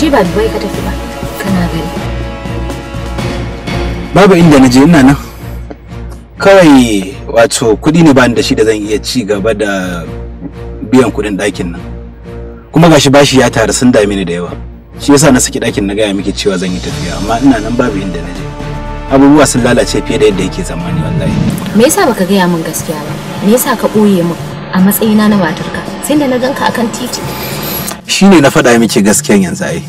ashe ba dubai ka tafi ba kana gani babu inda na je ina nan kawai wato kuɗi ne bani da shi da zan iya ci gaba da biyan kuɗin ɗakin nan kuma gashi bashi ya taru sun dame ni da yawa shi yasa na saki ɗakin na gaya miki cewa zan yi tafiya amma ina nan babu inda na je abubuwa sun lalace fiye da yadda yake zamani wallahi me yasa baka gaya min gaskiya ba me yasa ka ɓoye min a matsayina na matarka sai da na ganka akan titi shine na faɗa miki gaskiyan yanzu ai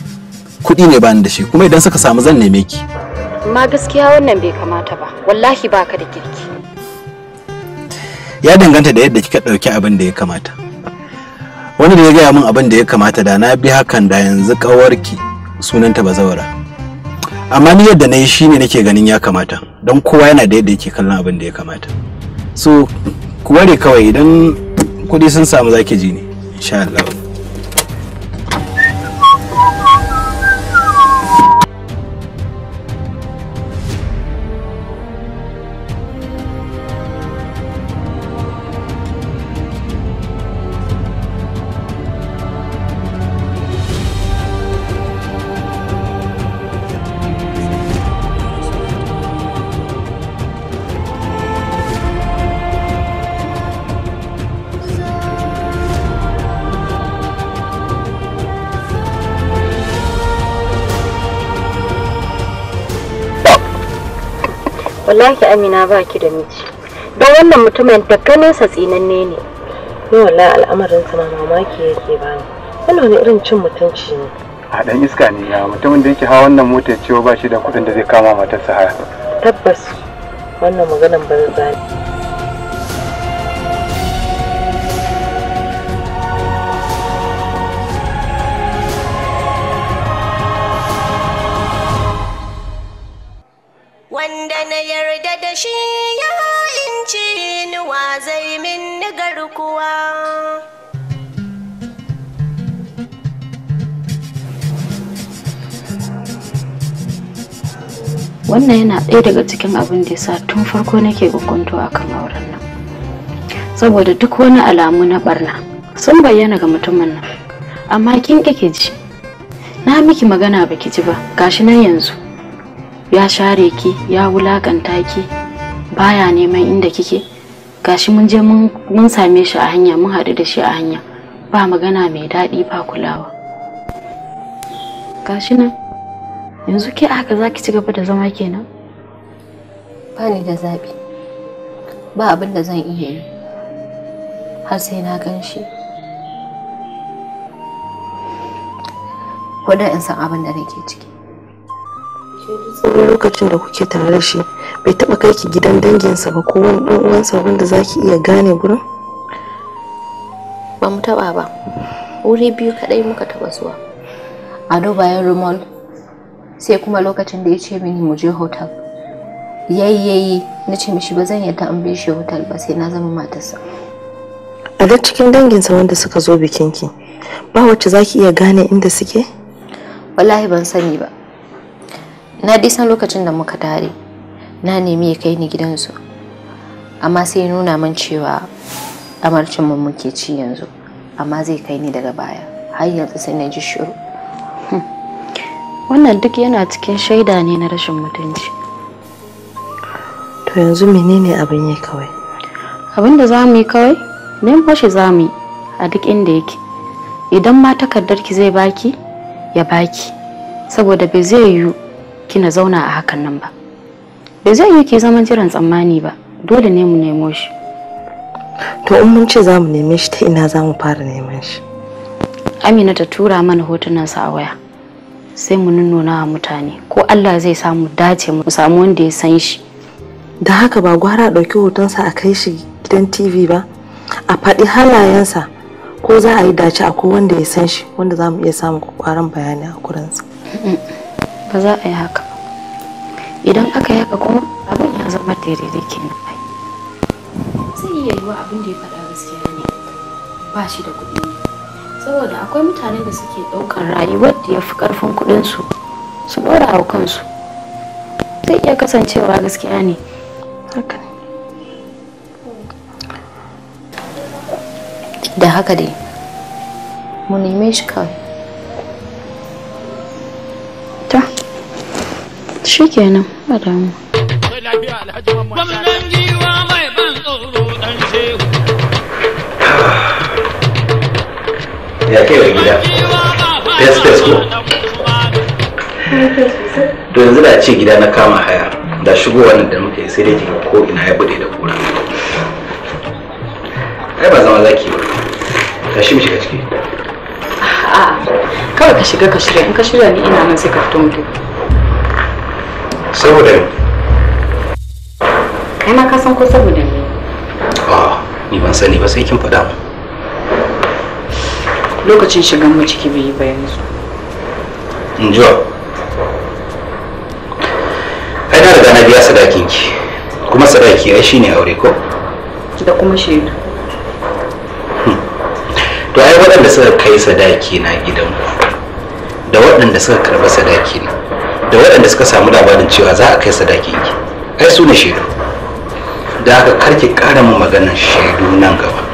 kuɗi ne bani da shi kuma idan suka samu zan neme ki amma gaskiya wannan bai kamata ba wallahi baka da kirki ya danganta da yadda kika ɗauki abin da ya kamata wani da ya gaya min abin da ya kamata da na bi hakan da yanzu ƙawarki sunanta bazawara amma ni yadda na yi ne nake ganin ya kamata don kowa yana da yadda yake kallon abin da ya kamata so ku ware kawai idan kuɗi sun samu zaki ji ne insha Allah wallahi amina ba ki da miji don wannan mutumin da ganinsa tsinanne ne ni wallahi al'amarin sa mamaki yake bani wannan wani irin cin mutunci ne a dan iska ne ya mutumin da yake hawa wannan motar ciwo ba shi da kuɗin da zai kama matarsa haya tabbas wannan maganan banza zai wannan yana ɗaya daga cikin abin da ya sa tun farko nake gugunto a kan auren nan saboda duk wani alamu na barna sun bayyana ga mutumin nan amma kin kike ji na miki magana baki ji ba gashi nan yanzu ya share ki ya wulakanta ki baya neman inda kike gashi mun je mun same shi a hanya mun haɗu da shi a hanya ba magana mai daɗi ba kulawa gashi nan yanzu ke haka za ki ci gaba da zama kenan ba ni da zaɓi ba abin da zan iya yi har sai na gan shi da in san abin da nake ciki tsawon lokacin da kuke tare da shi bai taɓa kai ki gidan danginsa ba ko wani ɗan uwansa wanda za ki iya gane gurin ba mu taɓa ba wuri biyu kaɗai muka taɓa zuwa a dubayen remote sai kuma lokacin da ya ce mini mu je hotel yayi yayi na ce mishi ba zan yadda an bi shi hotel ba sai na zama matarsa a duk cikin danginsa wanda suka zo bikinki ba wacce zaki iya gane inda suke wallahi ban sani ba na dai san lokacin da muka tare na nemi ya kai ni gidansu amma sai nuna min cewa amarcin mu muke ci yanzu amma zai kai ni daga baya har yanzu sai na ji shiru wannan duk yana cikin shaida ne na rashin mutunci to yanzu menene abin yi kawai abin da za mu yi kawai neman shi za mu yi a duk inda yake idan ma takardarki zai baki ya baki saboda bai zai yiwu kina zauna a hakan nan ba bai zai yiwu ki zama jiran tsammani ba dole ne mu nemo shi to in mun ce za mu neme shi ta ina za mu fara neman shi amina ta tura mana hotunansa a waya sai mu nunnuna wa mutane ko Allah zai samu dace mu samu wanda ya san shi da haka ba gwara ɗauki hotonsa a kai shi gidan tv ba a faɗi halayensa ko za a yi dace a wanda ya san shi wanda za mu iya samun kwaran bayani a kuransa ba za a yi haka idan aka yi haka kuma abin ya zama daidai nan. sai iya wa abin da ya faɗa gaskiya ne ba shi da kuɗi saboda akwai mutane da suke ɗaukar rayuwar da ya fi ƙarfin kuɗinsu su ɗora wa kansu zai iya kasancewa gaskiya ne da haka dai mu neme shi kawai ta shi kenan ba damu ya kai wa gida fes fes ko to yanzu da ce gida na kama haya da shigo wannan da muka yi sai dai kiga ko ina ya bude da kura ai ba zama zaki ba shi mu shiga ciki a kawai ka shiga ka shirya in ka shirya ni ina nan sai ka fito mutu saboda ni kai na ka san ko saboda ni ba ni ban sani ba sai kin faɗa mu lokacin shigan mu ciki bai yi ba yanzu injuwa ai na riga na biya sadakin ki kuma sadaki ai shine aure ko da kuma shaidu hmm. to ai waɗanda suka kai sadaki na gidan ku da waɗanda suka karɓi sadaki na da waɗanda suka samu labarin cewa za a kai sadakin ki ai su ne shaidu da haka karki ƙara mu maganar shaidu nan gaba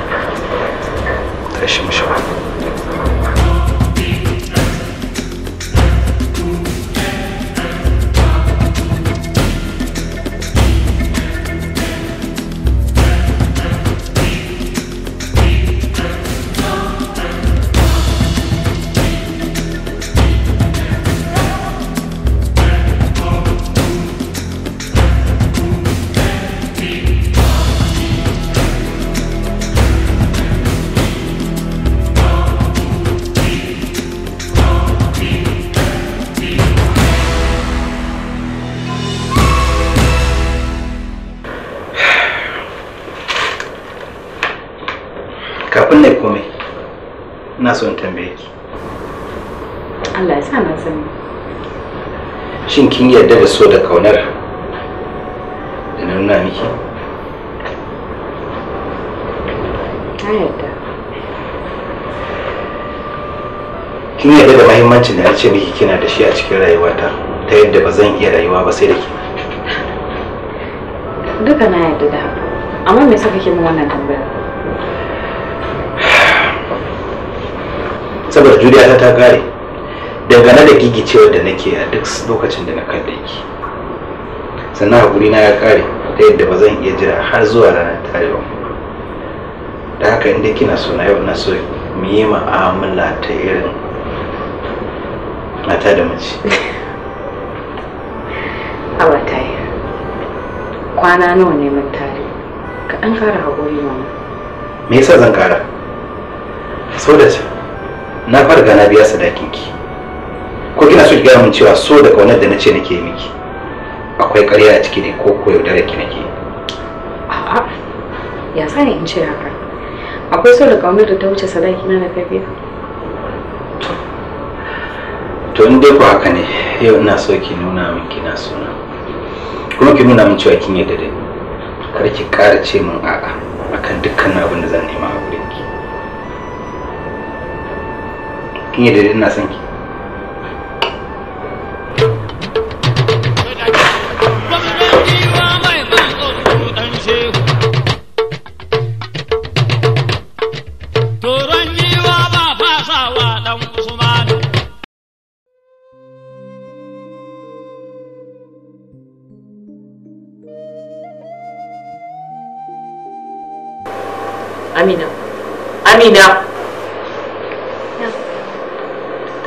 kin yarda da so da kaunar da na nuna miki na yarda kin yarda da mahimmancin da na ce miki kina da shi a cikin rayuwata ta yadda ba zan iya rayuwa ba sai da ke duka na yarda da haka amma me saka kake min wannan tambayar saboda juriya ta ta kare dangane da gigicewar da nake a duk lokacin da na kalle ki sannan hakuri na ya kare ta yadda ba zan iya jira har zuwa ranar tarewa da haka inda kina so na yau na so mu yi ma'amala ta irin mata da mace a wata kwana nawa neman tare ka an kara haƙuri mama me yasa zan kara so da na farga na biya sadakin ki ko kina so ki gaya min cewa so da kaunar da na ce nake miki akwai ƙarya a ciki ne ko ko yaudara ki nake a'a ya sani in ce haka akwai so da kaunar da ta wuce sadaki na na kafiya to in dai ku haka ne yau ina so ki nuna min kina suna kuma ki nuna min cewa kin yadda da ni kar ki ƙara ce min a'a akan dukkan abin da zan nema a gurin ki kin yadda da ina son ki amina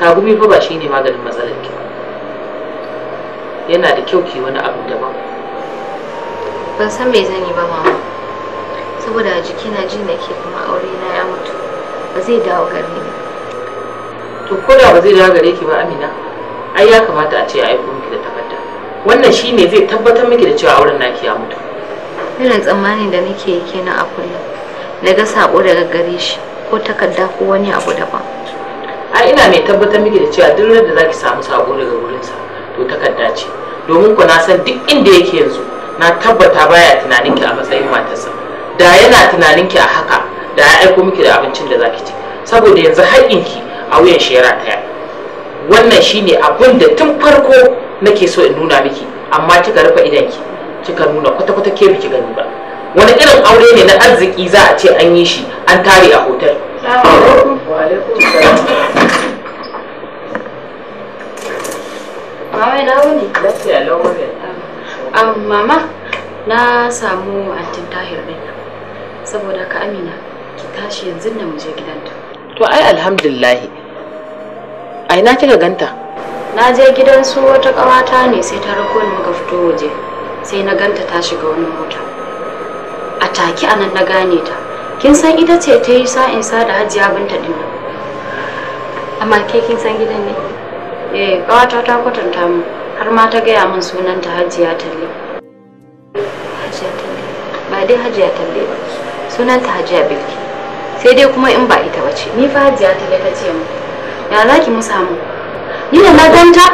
tagumi fa ba shi ne maganin matsalar ki yana da kyau ki wani abu daban ban san me zan yi ba mama saboda jiki na ji ke kuma aure na ya mutu ba zai dawo gare ni to ko da ba zai dawo gare ki ba amina ai ya kamata a ce a aiko miki da takarda wannan ne zai tabbatar miki da cewa auren naki ya mutu irin tsammanin da nake yi kenan a kullum na ga sako daga gare shi ko takarda ko wani abu daban a ina mai tabbatar miki da cewa duk da zaki samu sako daga sa to takarda ce domin ku na san duk inda yake yanzu na tabbata baya tunanin ki a matsayin matarsa da yana tunanin ki a haka da ya aiko miki da abincin da zaki ci saboda yanzu haƙƙin ki a wuyan shi ya rataya wannan shine abin da tun farko nake so in nuna miki amma kika rufe idan ki kika nuna kwata-kwata ke biki gani ba wani irin aure ne na arziki za a ce an yi shi an tare a hotel mama na samu antin tahir din saboda ka amina ki tashi yanzu na muje gidanta to ai alhamdulillahi a ina kika ganta na je gidan su wata kawata ne sai ta rako ni muka fito waje sai na ganta ta shiga wani mota a take nan na gane ta kin san ita ce ta yi sa'in sa da hajiya binta din nan amma ke kin san gidan ne eh kawata ta kwatanta mu har ma ta gaya min sunan ta hajiya talle ba dai hajiya talle ba sunan ta hajiya bilki sai dai kuma in ba ita bace ni fa hajiya talle ta ce mu ya za ki mu samu ni da na ganta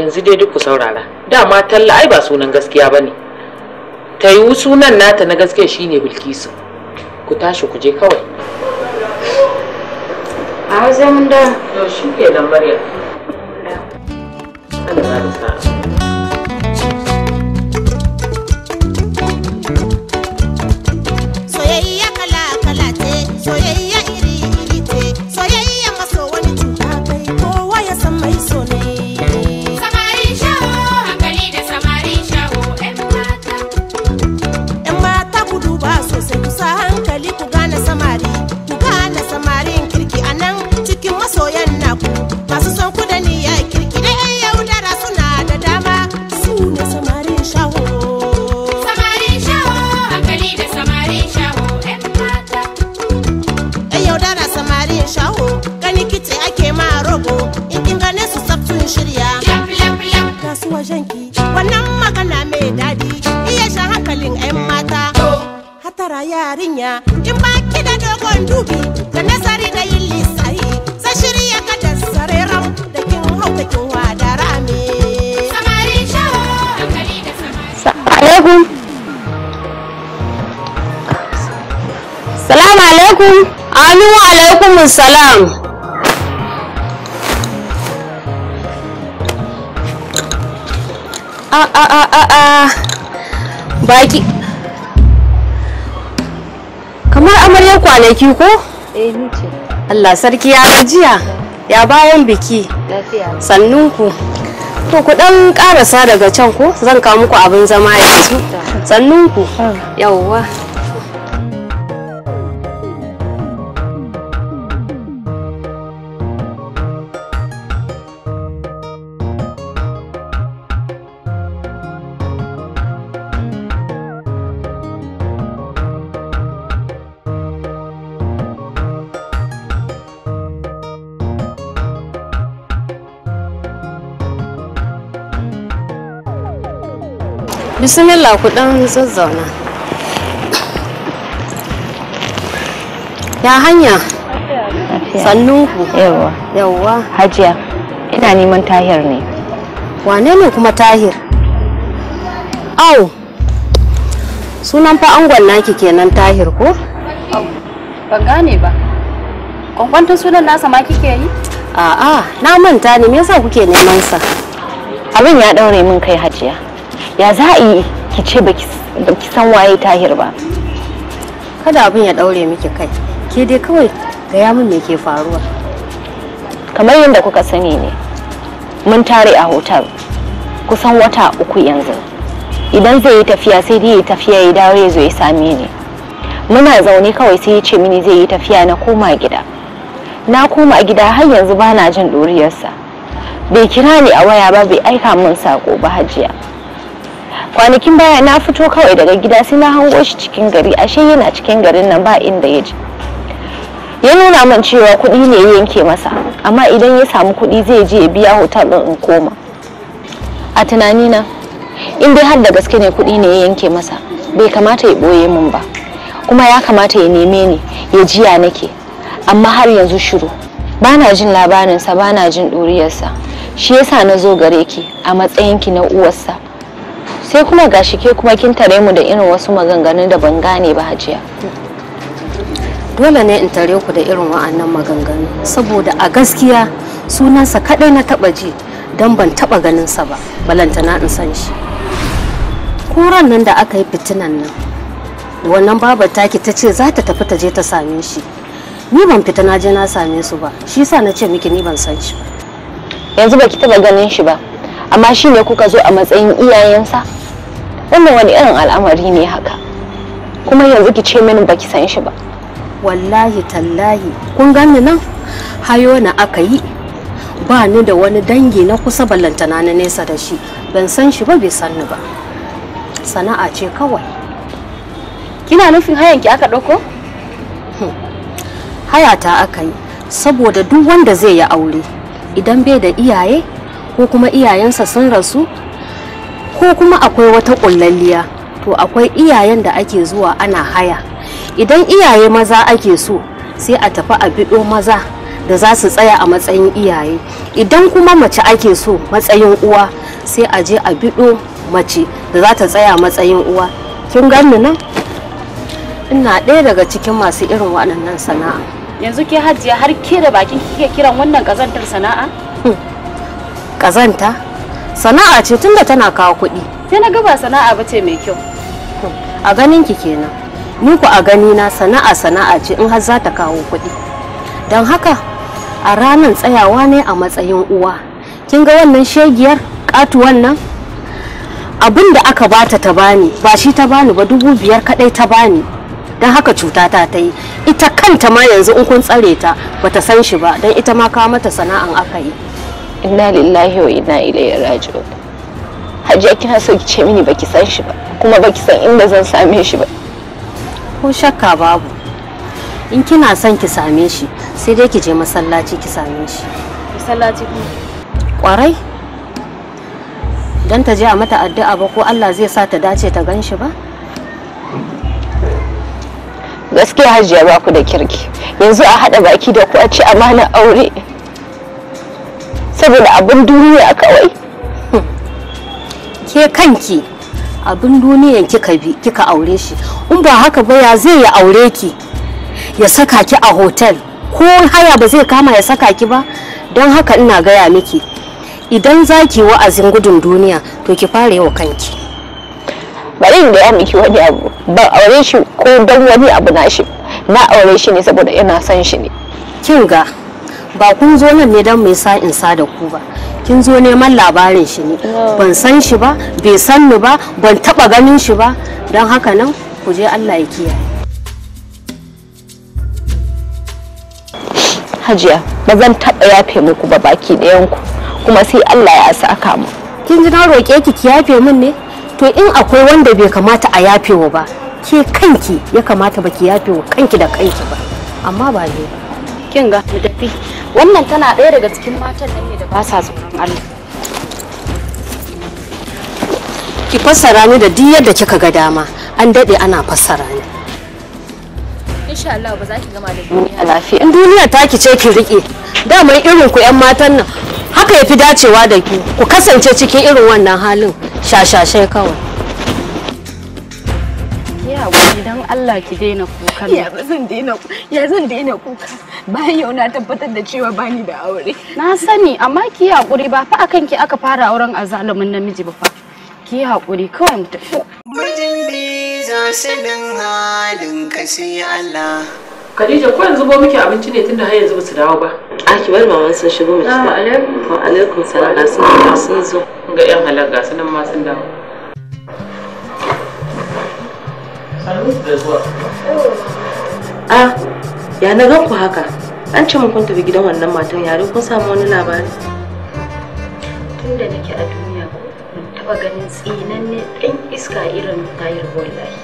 yanzu dai duk ku saurara dama talla ai ba sunan gaskiya bane ta yi sunan nata na gaske shine bilkisu ku tashi ku je kawai a zai mun da shi ke lambar maryam Allah salam a ah, a ah, a ah, a a baki kamar amarya kwanaki ko? eh Allah sarki ya gajiya ya bayan biki sannunku to ku dan karasa daga can ko zan kawo muku abin zama yanzu sannunku yawwa bismillah ku dan zazzauna ya hanya sannunku yawa yawa hajiya ina neman tahir ne wane ne kuma tahir au sunan fa angon naki kenan tahir ko ban gane ba kwankwantar sunan nasa ma kike yi a'a na manta ne me yasa kuke neman sa abin ya daure min kai hajiya ya za a yi ki ce ba ki san waye tahir ba kada abin ya daure miki kai ke dai kawai gaya min me ke faruwa kamar yadda kuka sani ne mun tare a hotel kusan wata uku yanzu idan zai yi tafiya sai dai ya tafiya ya dawo ya zo ya same ni muna zaune kawai sai ya ce mini zai yi tafiya na koma gida na koma gida har yanzu bana jin ɗoriyarsa bai kira ni a waya ba bai aika min sako ba hajiya kwanakin baya na fito kawai daga gida sai na hango shi cikin gari ashe yana cikin garin nan ba inda ya je ya nuna min cewa kuɗi ne ya yanke masa amma idan ya samu kuɗi zai je ya biya hotel ɗin in koma a tunani na in dai har da gaske ne kuɗi ne ya yanke masa bai kamata ya ɓoye min ba kuma ya kamata ya neme ni ya jiya nake amma har yanzu shiru bana jin labarinsa bana jin ɗuriyarsa shi yasa na zo gare ki a matsayinki na uwarsa sai kuma gashi ke kuma kin tare mu da irin wasu maganganun da ban gane ba hajiya dole ne in tare ku da irin wa'annan maganganu saboda a gaskiya sunansa kadai na taba ji don ban taba ganinsa ba balantana in san shi kuran nan da aka yi fitinan nan wannan babar taki ta ce za ta tafi ta je ta same shi ni ban fita na je na same su ba shi sa na ce miki ni ban san shi yanzu baki taba ganin shi ba amma shi ne kuka zo a matsayin iyayensa wannan wani irin al'amari ne haka kuma yanzu ki ce mini baki san shi ba wallahi tallahi kun gani nan hayo na aka yi ba ni da wani dangi na kusa ballantana na nesa da shi ban san shi ba bai san ni ba sana'a ce kawai kina nufin hayan ki aka ɗauko? Hm. haya ta aka yi saboda duk wanda zai yi aure idan bai da iyaye ko kuma iyayensa sun rasu ko kuma akwai wata ƙullalliya to akwai iyayen da ake zuwa ana haya idan iyaye maza ake so sai a tafi a biɗo maza da za su tsaya a matsayin iyaye idan kuma mace ake so matsayin uwa sai a je a biɗo mace da za ta tsaya matsayin uwa kin ganni nan ina ɗaya daga cikin masu irin waɗannan sana'a yanzu ke hajiya har ke da bakin kike kiran wannan ƙazantar sana'a hm. ƙazanta Sana'a ce tunda tana kawo kuɗi. Sai na gaba sana'a ba ce mai kyau. A ganin ki kenan. Ni ku a gani na sana'a sana'a ce in har za ta kawo kuɗi. Don haka a ranan tsayawa ne a matsayin uwa. Kin ga wannan shegiyar katuwan nan? Abin da aka bata ta bani ba shi ta bani ba dubu biyar kadai ta bani. Don haka cuta ta ta yi. Ita kanta ma yanzu in kun tsare ta bata san shi ba don ita ma kawo mata sana'an aka yi. inna lillahi wa inna ilaihi raji'un hajiya kina so ki ce mini baki san shi ba kuma baki san inda zan same shi ba ko shakka babu in kina son ki same shi sai dai ki je masallaci ki same shi masallaci kwarai don ta je a mata addu'a ba ko Allah zai sa ta dace ta gan shi ba gaskiya hajiya ba ku da kirki yanzu a haɗa baki da ku a ci amana aure saboda abin duniya kawai ke kanki abin duniyan kika bi kika aure shi in ba haka ba ya zai ya aure ki ya saka ki a hotel ko haya ba zai kama ya saka ki ba don haka ina gaya miki idan za ki wa'azin gudun duniya to ki fara yawa kanki bari in gaya miki wani abu ban aure shi ko don wani abu na shi na aure shi ne saboda ina son shi ne kin ga ba kun zo nan ne don mai sa in sa da ku ba kin zo neman labarin shi ne ban san shi ba bai san ni ba ban taba ganin shi ba don haka nan ku je Allah ya kiyaye Hajiya ba zan taba yafe muku ba baki yanku kuma sai Allah ya saka mu kin ji na roƙe ki ki yafe min ne to in akwai wanda bai kamata a yafe wa ba ke kanki ya kamata ba ki yafe wa kanki da kanki ba amma ba ne ba kin ga mu tafi wannan tana ɗaya daga cikin matan nan ne da ba sa tsoron Allah ki fassara ni da duk yadda kika ga dama an daɗe ana fassara ni insha Allah ba za ki gama da duniya lafiya in duniya ta ki ce ki rike daman irin ku yan matan nan haka yafi dacewa da ku, ku kasance cikin irin wannan halin shashashe kawai Ya wani Allah ki daina Ya zan daina kuka. Bayan yau na tabbatar da cewa bani da aure. Na sani amma ki hakuri ba fa akan ki aka fara auren azalumin namiji ba fa. Ki hakuri kawai mu tafi. za su halin ka sai Allah. Khadija ko yanzu muke abinci ne tunda har yanzu ba dawo ba. A ki bari sun shigo mu ci. Ah, alaikum. Wa alaikum salam. Sun zo. Ga yan halaka sunan ma sun dawo. Ah, ya na gan ku haka? An ce mun kun tafi gidan wannan matan yare kun samu wani labari? Tun da nake a duniya ko ban taba ganin tsinanne ɗan iska irin tayar wallahi.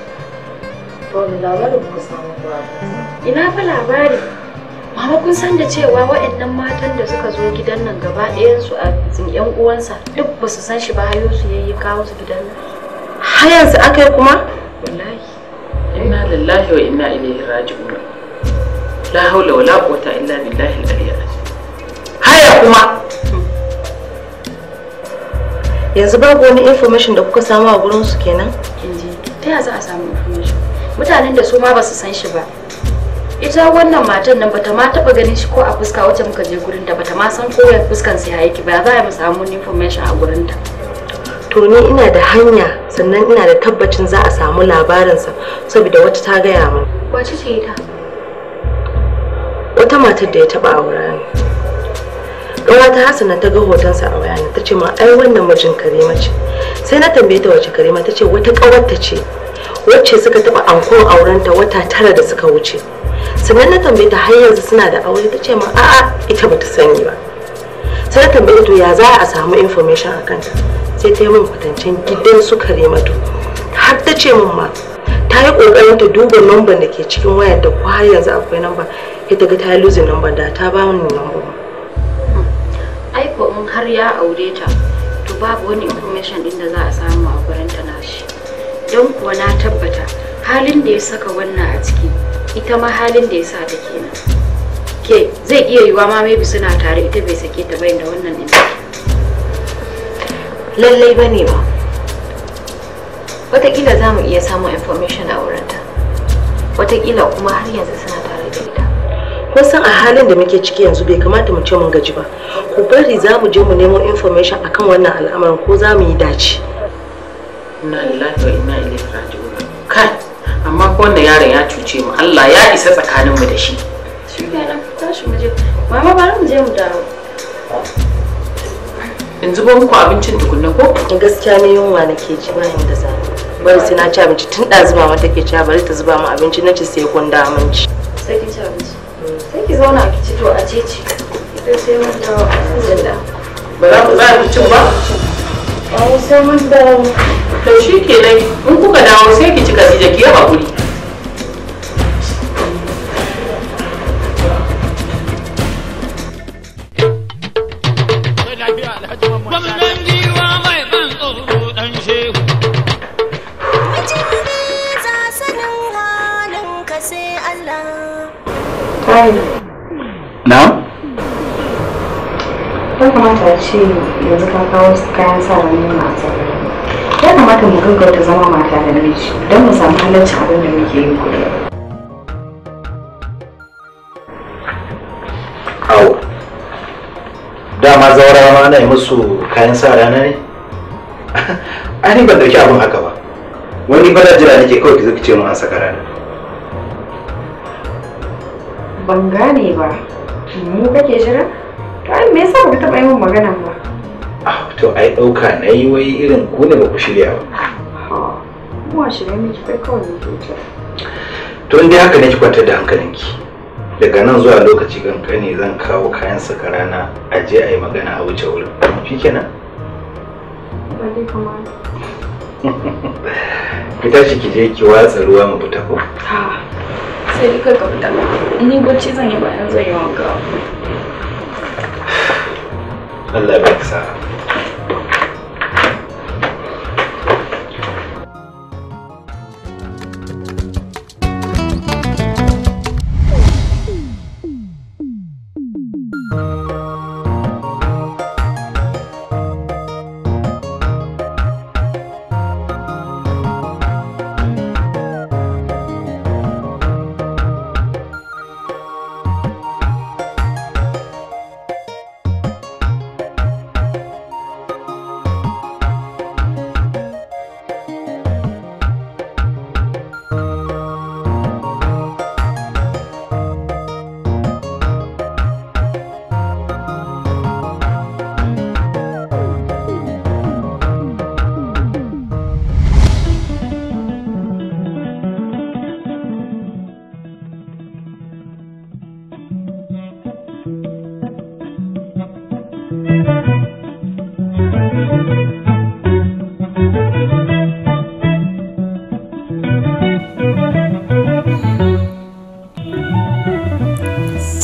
Wani labarin ku samu ba? Ina fa labari. Mama kun san da cewa waɗannan matan da suka zo gidan nan gaba su a yan uwansa duk ba su san shi ba hayo su yayi kawo su gidan nan. Hayansu aka yi kuma? لله وإنا إليه راجعون لا la haula wala إلا illa العلي al-aliyyil haya kuma yanzu babu wani information da kuka samu a gurin su kenan ta ya za a samu information mutanen da su ma ba su san shi ba ita wannan matan nan bata ma taba ganin shi ko a fuska wacce muka je gurin ta bata ma san ko ya fuskan sai yake ba za a mu samu information a gurin ta to ni ina da hanya sannan ina da tabbacin za a samu labarinsa saboda wata ta gaya min wace ce ita wata matar da ya taba aura ne ƙawata Hassana ta ga hotonsa a wayana ta ce ma ai wannan mijin karima ce sai na tambaye ta wace karima ta ce wata ƙawarta ce wacce suka taba ankon aurenta wata tara da suka wuce sannan na tambaye ta har yanzu suna da aure ta ce ma a'a ita bata sani ba sai na tambaye ta ya za a samu information akan ta sai ta yi min fatancin gidan su kare mata har ta ce min ma ta yi kokarin ta duba lambar da ke cikin wayar da ko har yanzu akwai namba ya ta ga ta yi losing lambar da ta ba mu lambar hmm. ai ko in har ya aure ta to babu wani information din da za a samu a gurin ta nashi don kuwa na tabbata halin da ya saka wannan a ciki ita ma halin da ya sa ta kenan ke zai iya yiwa ma maybe suna tare ita bai sake ta bayyana da wannan din lallai ba ne ba watakila za mu iya samun information a wurinta watakila kuma har yanzu suna tare da ita kun san a halin da muke ciki yanzu bai kamata mu ce mun gaji ba ku bari za mu je mu nemo information akan wannan al'amarin ko za mu yi dace inna lillahi wa kai amma ko wanda yaron ya cuce mu Allah ya isa tsakanin mu da shi shi kenan tashi mu je mama bari mu je mu dawo yanzu ba muku abincin tukunna ko gaskiya ne yunwa nake ji ba da za bari sai na ci abinci tun da zuba mata ke ci bari ta zuba mu abinci na ci sai kun da aminci sai ki ci abinci sai ki zauna ki ci to a ce ci idan sai mun da zan ba za ku tsaya cin ba a sai mun da to shi nan, in kuka dawo sai ki ci Khadija da ke hakuri. na? ya kamata ce yanzu ka kawo kayan mata ya kamata mu gaggauta zama mata da miji don mu samu halarci abin da muke yi kullum awo dama ma na yi musu kayan sa rana ne ban dauki abin haka ba wani bada jira nake kawai ki zo ki ce an saka rana ban gane ba mu kake jira to me yasa ba taba yi min maganan ba ah to ai ɗauka na yi wai irin ku ne ba ku shirya ba mu a shirya ne ki kawai ne to inda haka ne ki kwantar da hankalinki daga nan zuwa lokaci kankani zan kawo kayan saka rana a je a yi magana a wuce wurin shi kenan ki tashi ki je ki watsa ruwa mu fita ko sai kai ka fita ni bacci zan yi bayan zan yi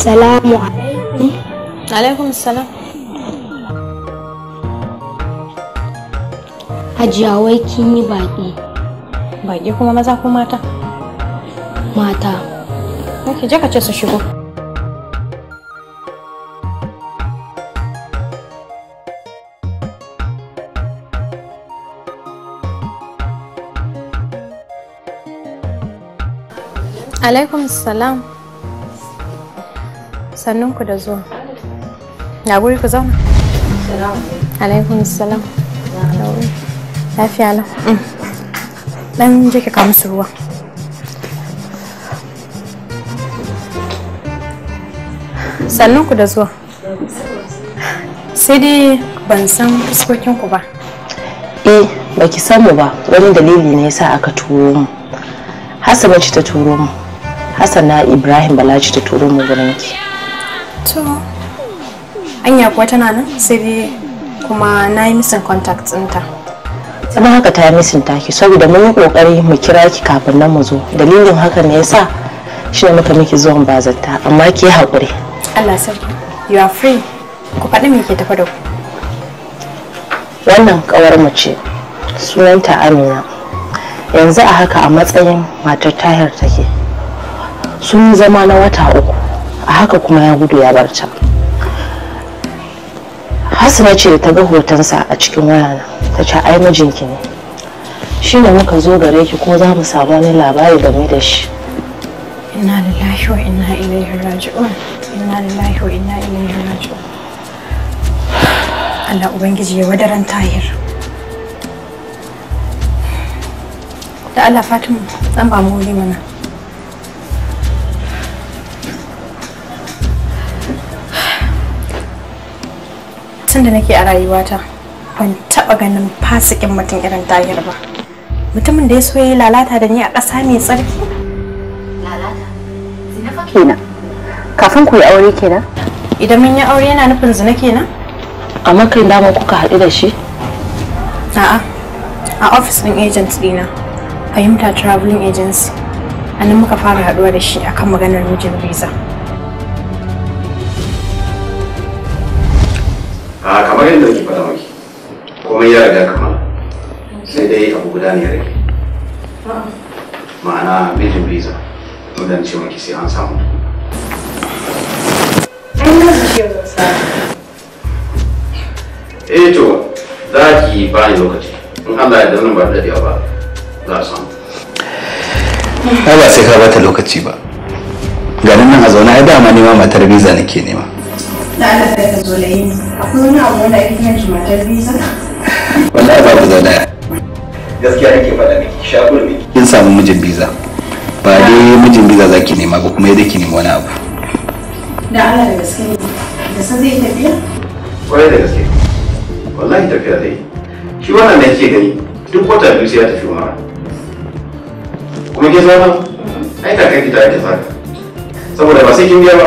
Assalamu alaikum. Alaikum salam. Hajiya wai kin yi baƙi. Baƙi kuma maza ko mata? Mata. Nake je ka ce su shigo. Alaikum salam. sannunku da zuwa na guri ku zauna alaikun salam lafiya lau ɗan je ka musu ruwa sannunku da zuwa sai dai ban san fuskokinku ba eh baki samu ba wani dalili ne yasa aka turo mu hasaba ce ta turo mu na ibrahim Balaji ta turo mu gurin ki to anya kuwa tana nan sai dai kuma na yi misin contact ɗinta tsanin haka ta yi misin taki saboda mun yi kokari mu kira ki kafin nan mu zo dalilin haka ne yasa shi ne muka miki zuwan bazata amma ki haƙuri Allah sai you are free ku faɗi me ke tafa da ku wannan kawar mu ce sunanta Amina yanzu a haka a matsayin matar tahir take sun zama na wata uku haka kuma ya gudu ya bar ta hasina ce ta ga hotonsa a cikin wayana ta ce ai mijinki ne shi ne muka zo gare ki ko za mu samu wani labari game da shi inna lillahi wa inna ilaihi raji'un inna lillahi wa inna ilaihi raji'un Allah ubangiji ya wadaran tahir da Allah Fatima dan ba mu wuri mana tun da nake a rayuwata ban taɓa ganin fasikin mutum irin tahir ba mutumin da ya so ya lalata da ni a ƙasa mai tsarki kenan kafin ku yi aure kenan idan mun yi aure yana nufin zina kenan amma kai dama kuka haɗu da shi a'a a ofis ɗin agent ɗina fahimta traveling agency a nan muka fara haɗuwa da shi akan maganar mijin visa a kamar yadda ke fada maki komai ya riga kamar sai dai abu guda ne ya rage ma'ana mijin visa mudan ce maki sai an samu eto eh to za ki ba ni lokaci in Allah ya daunin ba da ba za a samu ai ba sai ka bata lokaci ba garin nan a zaune ai dama nema matar visa nake nema da da ka zo da yi a wani abu wanda ake kiran shi matar visa wallahi babu zauna gaskiya ake faɗa miki shakul miki kin samu mijin biza ba dai mijin biza za ki nema ba kuma yadda ki nema wani abu da Allah da gaske ne da san zai tafiya kwarai da gaske wallahi tafiya zai shi wannan da yake gani duk wata biyu sai ya tafi mara kuma ke zama mm-hmm. ai da kai ki ta ake saka saboda ba sai kin biya ba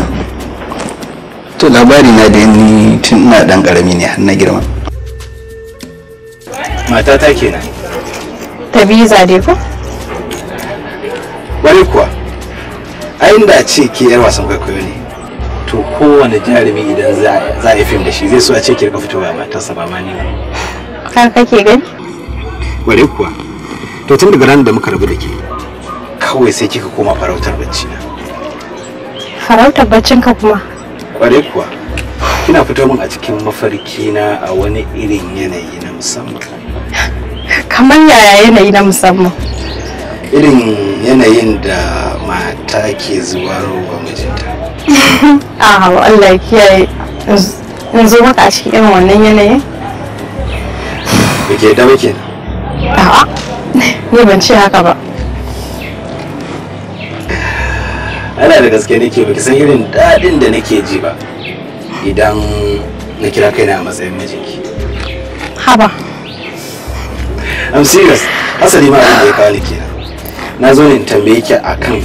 to labari na da ni tun ina dan karami ne na girma Mata ta kenan tabiza dai ko wani kuwa a inda a ce ke yar wasan kwaikwayo ne to kowane jarumi idan za a yi fim da shi zai so a ce ke rika fitowa ba ta saba ma ne ka kake gani wani kuwa to tun daga ranar da muka rabu da ke kawai sai kika koma farautar bacci na farautar baccin ka kuma kware kuwa, kina fito min a cikin mafarki na a wani irin yanayi na musamman. Kamar yaya yanayi na musamman? Irin yanayin da mata ke zuwa ruwa mijinta. Ah, Allah kiyaye. In zo maka a cikin irin wannan yanayin? Ba ke da muke kenan. A'a, ne ban ce haka ba. ana da gaske nake baki san irin daɗin da nake ji ba idan na kira kaina a matsayin mijinki haba i'm serious asali ma abin da ya kawo ni kenan na zo ne in tambaye ki akan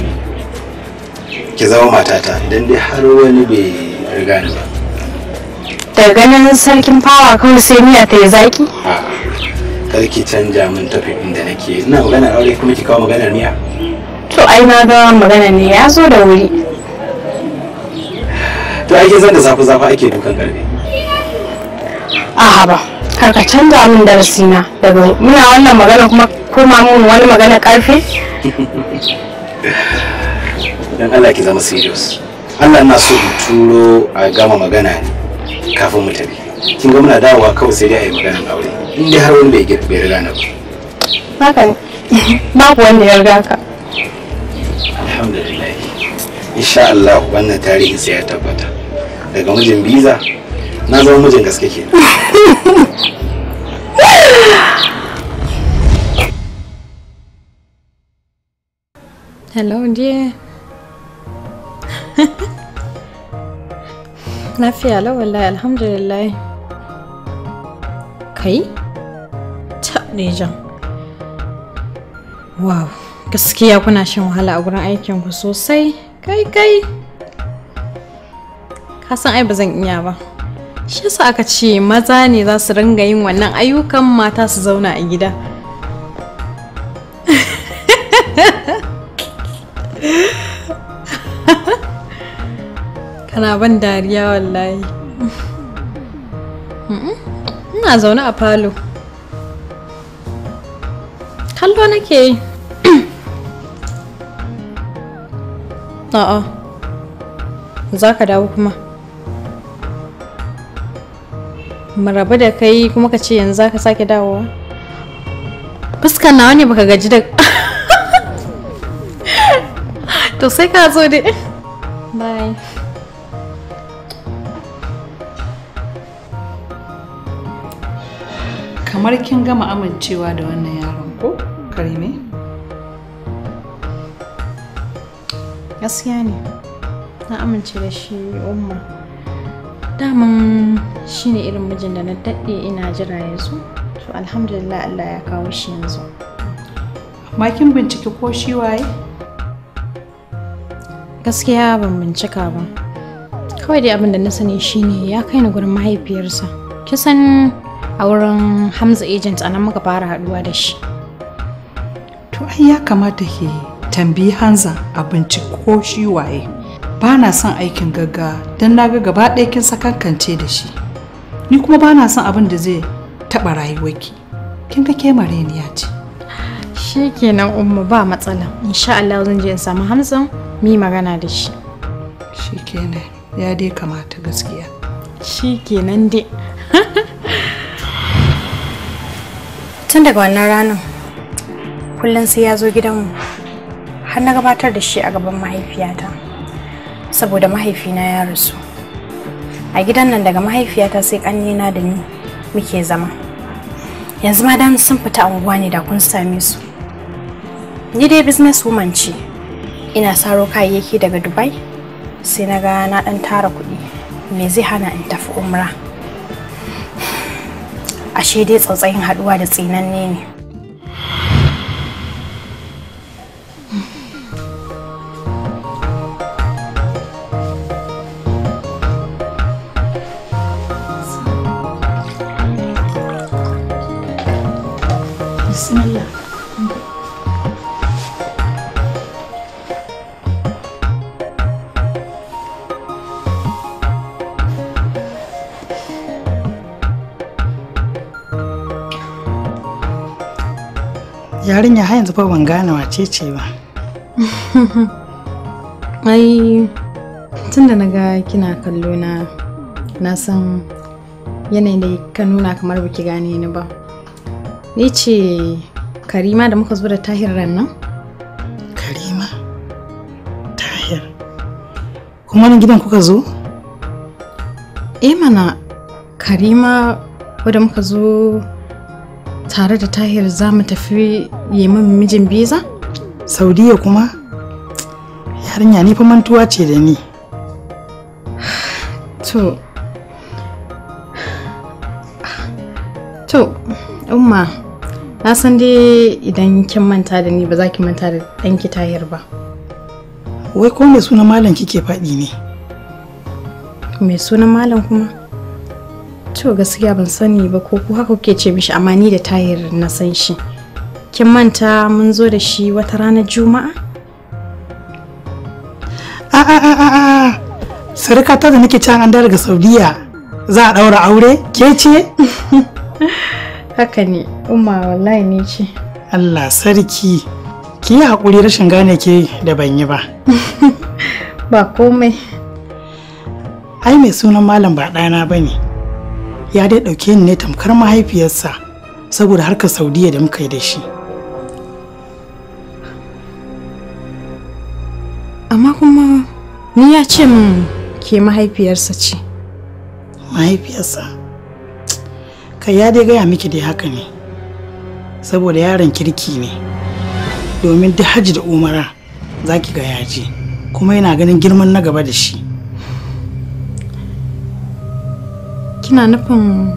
ki zama matata idan dai har wani bai riga ni ba daga ganin sarkin fawa kawai sai miya ta yi zaki kar ki canja min tafi inda nake ina maganar aure kuma ki kawo maganar miya to ai na ga magana ne ya zo da wuri to ai ke da zafi zafi ake dukan karfe aha ba kar ka canza min darasi na daga muna wannan magana kuma koma mun wani magana karfe dan Allah ki zama serious Allah ina so ku turo a gama magana ne kafin mu tafi kin ga muna dawowa kawai sai dai a yi maganar aure in dai har wanda ya bai riga na ba haka ne babu wanda ya riga ka alhamdulillah insha Allah wannan tarihi sai ya tabbata daga mijin biza na zama mijin gaske ke hello dear lafiya lau wallahi alhamdulillah kai ta ne jan wow gaskiya kuna shan wahala a gurin aikin ku sosai kai kai ka ai ba zan iya ba shi yasa aka ce maza ne za su ringa yin wannan ayyukan mata su zauna a gida kana ban dariya wallahi ina zaune a falo kallo nake yi A'a. Za ka dawo kuma. Mu da kai kuma ka ce yanzu za ka sake dawowa. Fuskar nawa ne baka gaji da To sai ka zo dai. Bye. Kamar kin gama amincewa da wannan yaron ko? Karime? gaskiya ne na amince da shi umma daman shi ne irin mijin da na daɗe ina jira yanzu to alhamdulillah allah ya kawo shi yanzu makin bincike ko shi waye gaskiya ban bincika ba kawai dai abin da na sani shine ya kai ni gurin mahaifiyarsa kisan a wurin hamza agent a nan muka fara haɗuwa da shi to ai ya kamata ke tambi hanza abinci ko shi waye ba na son aikin gaggawa don na ga gaba ɗaya kin sakankance da shi ni kuma ba na son abin da zai taɓa rayuwarki kin ga ke mareniya ce shi kenan umma ba matsala insha Allah zan je in samu hamsan mi magana da shi shi kenan ya dai kamata gaskiya shi kenan dai tun daga wannan ranar kullum sai ya zo gidanmu har na gabatar da shi a gaban mahaifiyata saboda mahaifina ya rasu a gidan nan daga mahaifiyata sai ƙannena da ni muke zama yanzu ma dan sun fita unguwa ne da kun same su ni dai business woman ce ina saro kayayyaki daga dubai sai na ga na dan tara kuɗi me zai hana in tafi umra ashe dai tsautsayin haɗuwa da tsinanne ne fa ban gane wace ce ba ai tun da na ga kina kallo na na san yanayin da ka nuna kamar baki gane ni ba ni ce karima da muka zo da tahir ran nan karima tahir kuma wani gidan kuka zo eh mana karima wadda muka zo tare da tahir za mu tafi min mijin biza? saudiya kuma yarinya ni fa mantuwa ce da ni to to umma na san dai idan kin manta da ni ba za ki manta da ɗanki tahir ba wai ko mai sunan malam kike faɗi ne mai sunan malam kuma to gaskiya ban sani ba ko ku haka kuke ce mishi amma ni da tayar na san shi kin manta mun zo da shi wata ranar juma'a a a a a sarka ta da nake can an daga saudiya za a daura aure ke ce haka ne umma wallahi ne ce allah sarki ki yi haƙuri rashin gane ke da ban yi ba ba komai ai mai sunan malam ba ɗana ba ne ya dai ɗauke ni ne tamkar mahaifiyarsa saboda harkar saudiya da muka yi da shi amma kuma ni ya ce min ke mahaifiyarsa ce mahaifiyarsa kai ya dai gaya miki dai haka ne saboda yaron kirki ne domin duk hajji da umara zaki ki ga yaji kuma yana ganin girman na gaba da shi kina nufin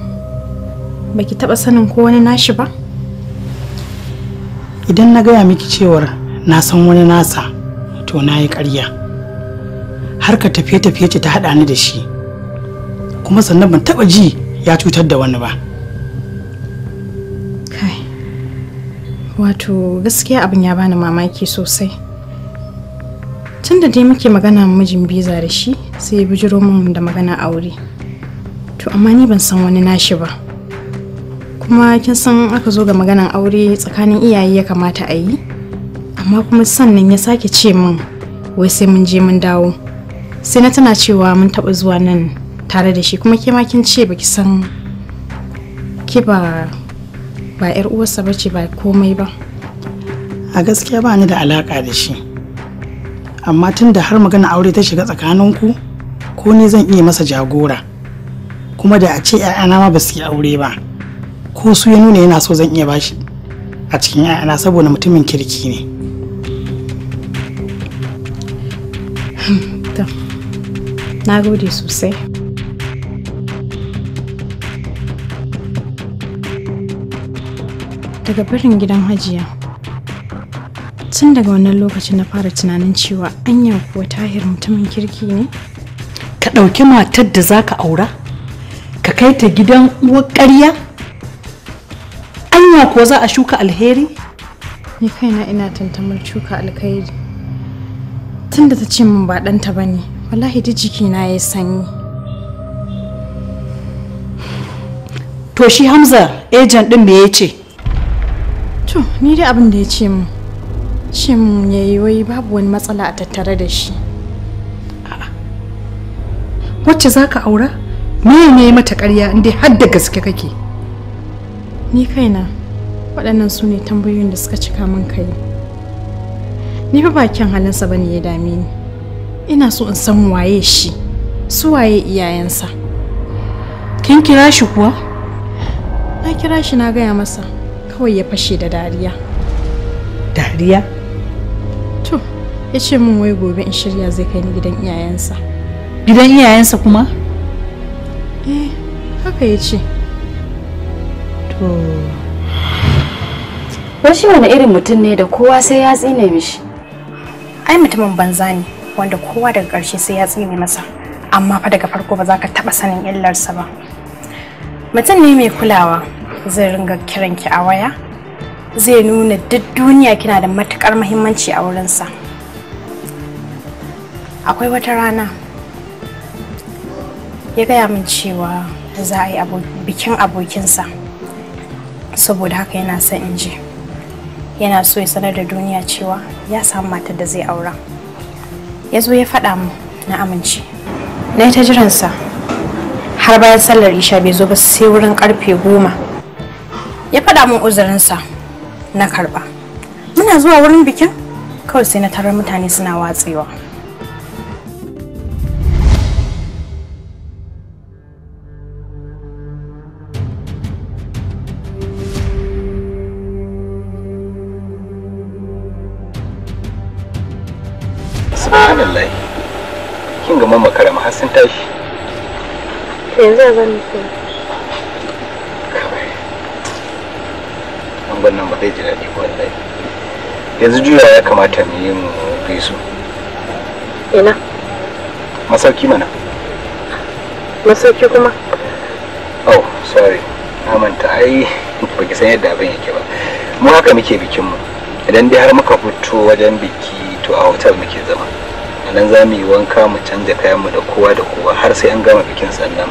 baki taba sanin ko wani nashi ba idan na gaya miki cewar na san wani nasa to na yi ƙarya har ka tafiye-tafiye ce ta haɗa ni da shi kuma sannan ban taba ji ya cutar da wani ba kai wato gaskiya abin ya bani mamaki sosai tun da dai muke magana mijin biza da shi sai ya bijiro min da magana aure to amma ni ban san wani nashi ba kuma kin san aka zo ga maganan aure tsakanin iyaye ya kamata a yi amma kuma sannan ya sake ce min wai sai mun je mun dawo sai na tana cewa mun taɓa zuwa nan tare da shi kuma ke ma kin ce baki san ke ba ba yar uwarsa bace ba komai ba a gaskiya ba ni da alaka da shi amma tun da har magana aure ta shiga tsakaninku ko ne zan iya masa jagora kuma da a ce 'ya'yana ma ba su yi aure ba ko su ya nuna yana so zan iya shi a cikin 'ya'yana saboda mutumin kirki ne hmm, na gode sosai daga barin gidan hajiya tun daga wannan lokacin na fara tunanin cewa anya kuwa tahir mutumin kirki ne ka ɗauki matar da za ka aura ka kai ta gidan uwar ƙarya anya ko za a shuka alheri ni kaina ina tantamar shuka alkhairi tunda ta ce min ba ɗanta ba ne wallahi duk jiki na ya sanyi to shi hamza ejan ɗin me yace. ce to ni dai abin da ya ce min ce min ya yi wai babu wani matsala a tattare da shi wacce za ka aura ni ne mata ƙarya inda har da gaske kake ni kaina waɗannan su ne tambayoyin da suka cika min kai ni fa bakin halinsa bane ya dame ni ina so in san waye shi su waye iyayensa kin kira shi kuwa na kira shi na gaya masa kawai ya fashe da dariya dariya to ya ce min wai gobe in shirya zai kai ni gidan iyayensa gidan iyayensa kuma eh haka ya ce to wasu wani irin mutum ne da kowa sai ya tsine mishi ai mutumin banza ne wanda kowa daga ƙarshe sai ya tsine masa amma fa daga farko ba za ka taɓa sanin illarsa ba mutum ne mai kulawa zai ringa kiranki a waya zai nuna duk duniya kina da matuƙar muhimmanci a wurinsa akwai wata rana ya gaya min cewa za a yi bikin abokinsa saboda haka yana son in je yana so ya sanar da duniya cewa ya samu matar da zai aura ya zo ya faɗa mu na amince na ta jiransa har bayan sallar isha bai zo ba sai wurin karfe goma ya faɗa min uzurinsa na karɓa muna zuwa wurin bikin kawai sai na tarar mutane suna watsewa kawai ba ne kai kawai nan ba zai ji daɗi yanzu juya ya kamata mu yi mu gaisu ina masauki mana masauki kuma oh sorry na manta ai ba ki san yadda abin yake ba mu haka muke bikin mu idan dai har muka fito wajen biki to a hotel muke zama nan za mu yi wanka mu canja kayanmu da kowa da kowa har sai an gama bikin sannan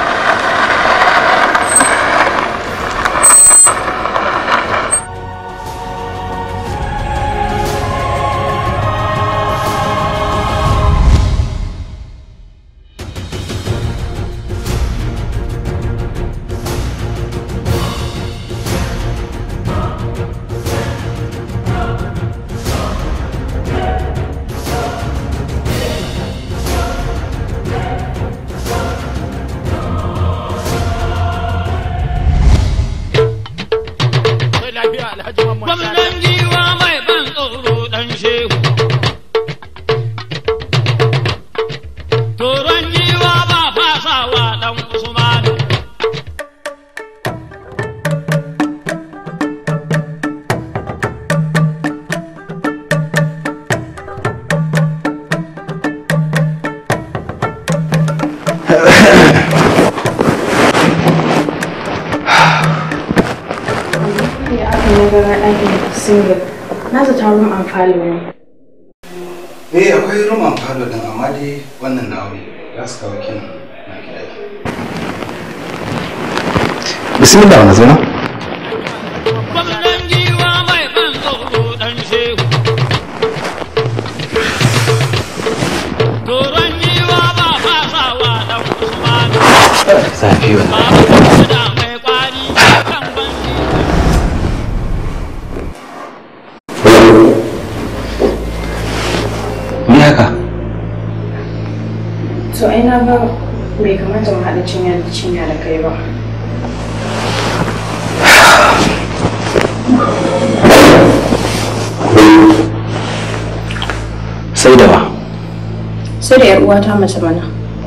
sai da 'yar uwata mace mana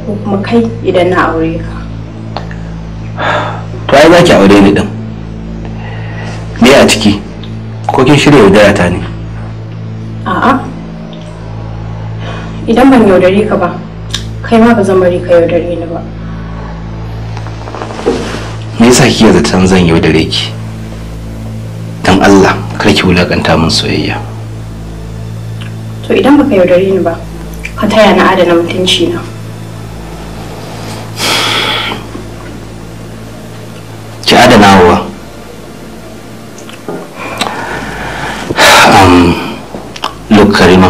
ko kuma kai idan na aure ka to ai zaki aure ni din me a ciki ko kin shirya yaudara ta ne a'a idan ban yaudare ka ba kai ma ba zan bari ka yaudare ni ba me yasa kike zaton zan yaudare ki dan Allah kar ki wulakanta min soyayya to idan baka yaudare ni ba ka taya na adana mutunci na ki adana wa Luk Karima,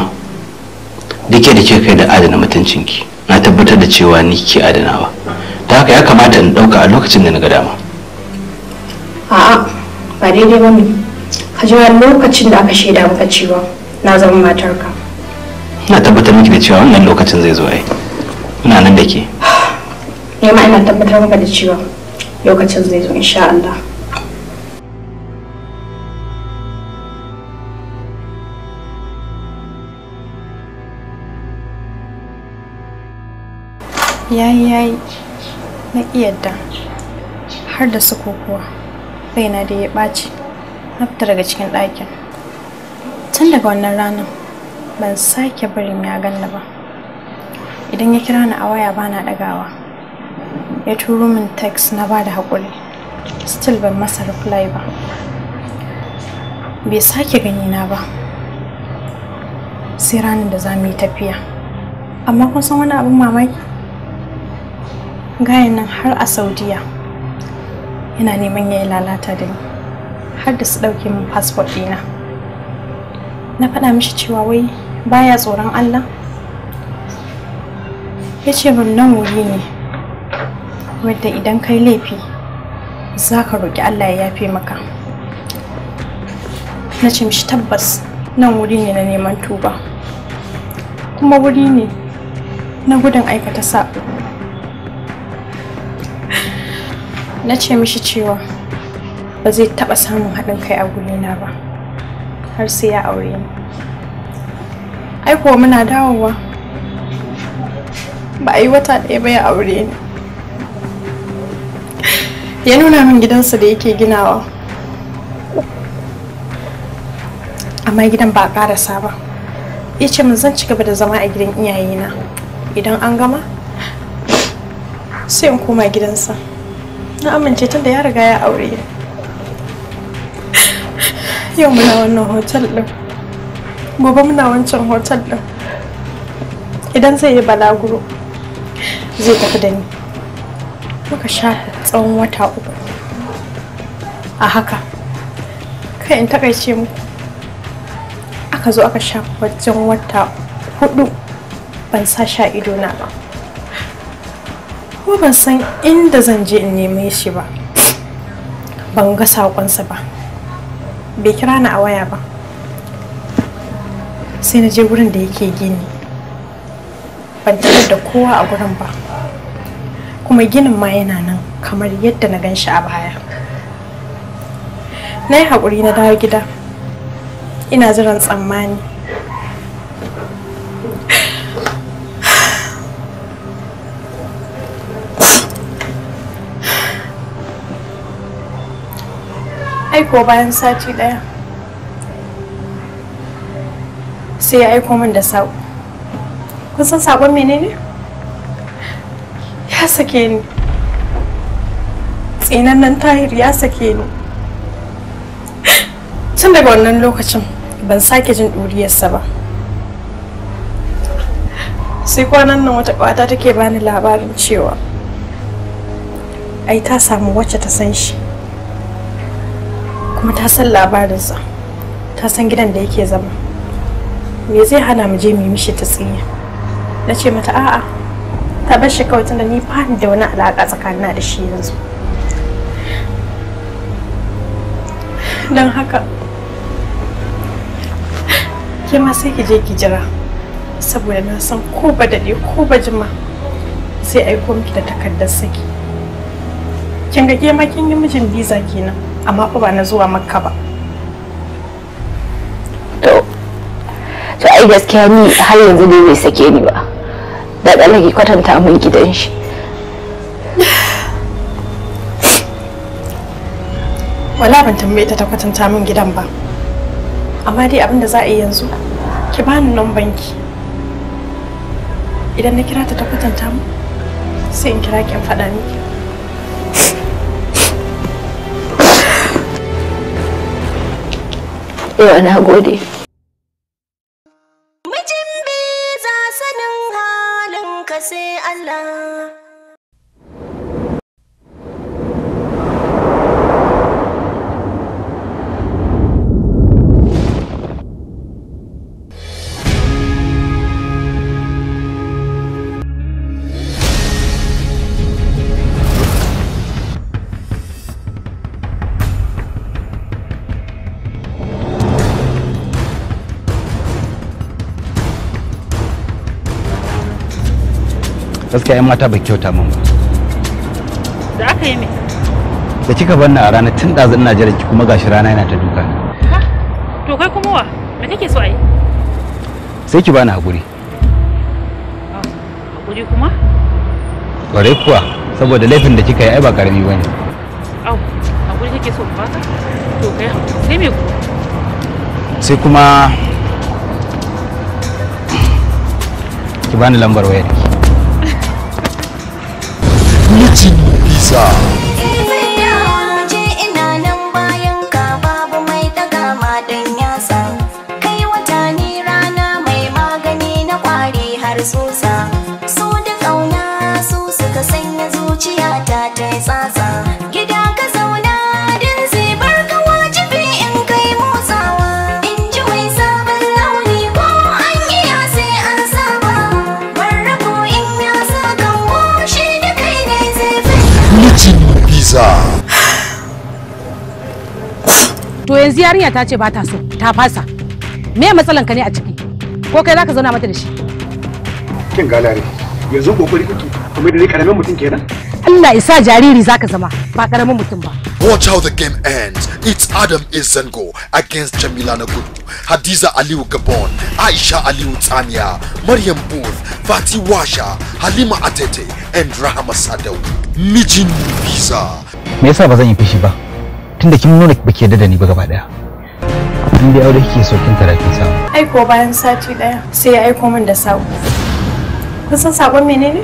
duke da ke kai da adana mutuncinki, na tabbatar da cewa ni ke adanawa. Ta haka ya kamata in ɗauka a lokacin da na ga dama. A'a, ba daidai ba ne. Ka ji wani lokacin da aka shaida maka cewa na zama matarka. ina tabbatar miki da cewa wannan lokacin zai zo ai ina nan da ke ni ma ina tabbatar maka da cewa lokacin zai zo insha Allah yayi yayi na yadda har da su kokowa na da ya ɓaci na fita daga cikin ɗakin tun daga wannan ranar ban sake barin ya ganna ba idan ya kira ni a waya bana dagawa ya turo min text na bada hakuri still ban masa reply ba bai sake gani na ba sai ranar da za mu yi tafiya amma kun san wani abin mamaki gayan nan har a saudiya yana neman ya lalata da ni har da su ɗauke min fasfot ɗina na faɗa mishi cewa wai baya tsoron Allah ya ce nan wuri ne wadda idan kai laifi za ka roƙi Allah ya yafe maka na ce mishi tabbas nan wuri ne na neman tuba kuma wuri ne na gudun aikata saɓo na ce mishi cewa ba zai taɓa samun haɗin kai a gurina ba har sai ya aure ni ai kuwa muna dawowa ba a yi wata ɗaya ba ya aure ni ya nuna min gidansa da yake ginawa amma gidan ba a ƙarasa ba ya ce min zan ci gaba da zama a gidan iyayena idan an gama sai in koma gidansa na amince tun da ya riga ya aure yau muna wannan hotel ɗin gobe muna wancan hotel din idan zai yi balaguro zai tafi da ni muka sha tsawon wata uku a haka kai in takaice muku aka zo aka sha wajen wata hudu ban sa sha ido na ba kuma ban san inda zan je in neme shi ba ban ga saƙonsa ba bai kira ni a waya ba sai na je wurin da yake gini ban taɓa da kowa a gurin ba kuma ginin ma yana nan kamar yadda na gan shi a baya na yi haƙuri na dawo gida ina jiran tsammani aiko bayan sati ɗaya sai ya aiko min da saƙo kun san saƙon menene ya sake ni tsinannen tahir ya sake ni tun daga wannan lokacin ban sake jin ɗuriyarsa ba sai kwanan nan wata ƙwata take bani labarin cewa ai ta samu wacce ta san shi kuma ta san labarinsa ta san gidan da yake zama me zai hana mu je mu yi mishi ta tsiye na ce mata a'a ta bar shi kawai tunda ni ba ni da wani alaƙa tsakanina da shi yanzu don haka ke ma sai ki je ki jira saboda na san ko ba daɗe ko ba jima sai aiko miki da takardar saki kin ga ke ma kin yi mijin biza kenan amma ba na zuwa makka ba to ai gaskiya ni har yanzu dai mai sake ni ba da ɗalage kwatanta min gidan shi wala ban tambaye ta ta kwatanta min gidan ba amma dai abin da za a yi yanzu ki bani numban ki idan na kira ta ta kwatanta mu sai in kira ki faɗa miki yau na gode gaskiya yan mata ba kyauta min ba da aka yi me da kika banna a ranar tun ɗazu ina jira ki kuma gashi rana yana ta duka to kai kuma wa me kake so a yi sai ki bani hakuri ah, hakuri kuma kware kuwa saboda laifin da kika yi ai ba karami bane au hakuri kake so ba to kai sai me kuma sai kuma ki bani lambar ki 未知のビザ。yanzu yarinya ta ce ba ta so ta fasa me matsalan ka ne a ciki ko kai zaka zauna mata da shi kin lare yanzu kokari kake kuma da karamin mutum kenan Allah isa jariri zaka zama ba karamin mutum ba Watch how the game ends. It's Adam Izengo against Jamila Nagudu, Hadiza Aliu Gabon, Aisha Aliu Tania, Mariam Booth, Fati Washa, Halima Atete, and Rahama Sadau. Mijin Visa. Me yasa ba zan yi fishi ba? tunda kin nuna ba ke da ni ba gaba daya An dai aure kike so kin tara sa samu aiko bayan sati daya sai ya aiko min da sako kun san sakon menene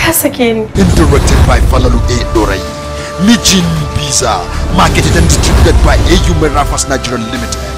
ya sake ni interrupted by falalu a dorai lijin visa marketed and distributed by au merafas nigeria limited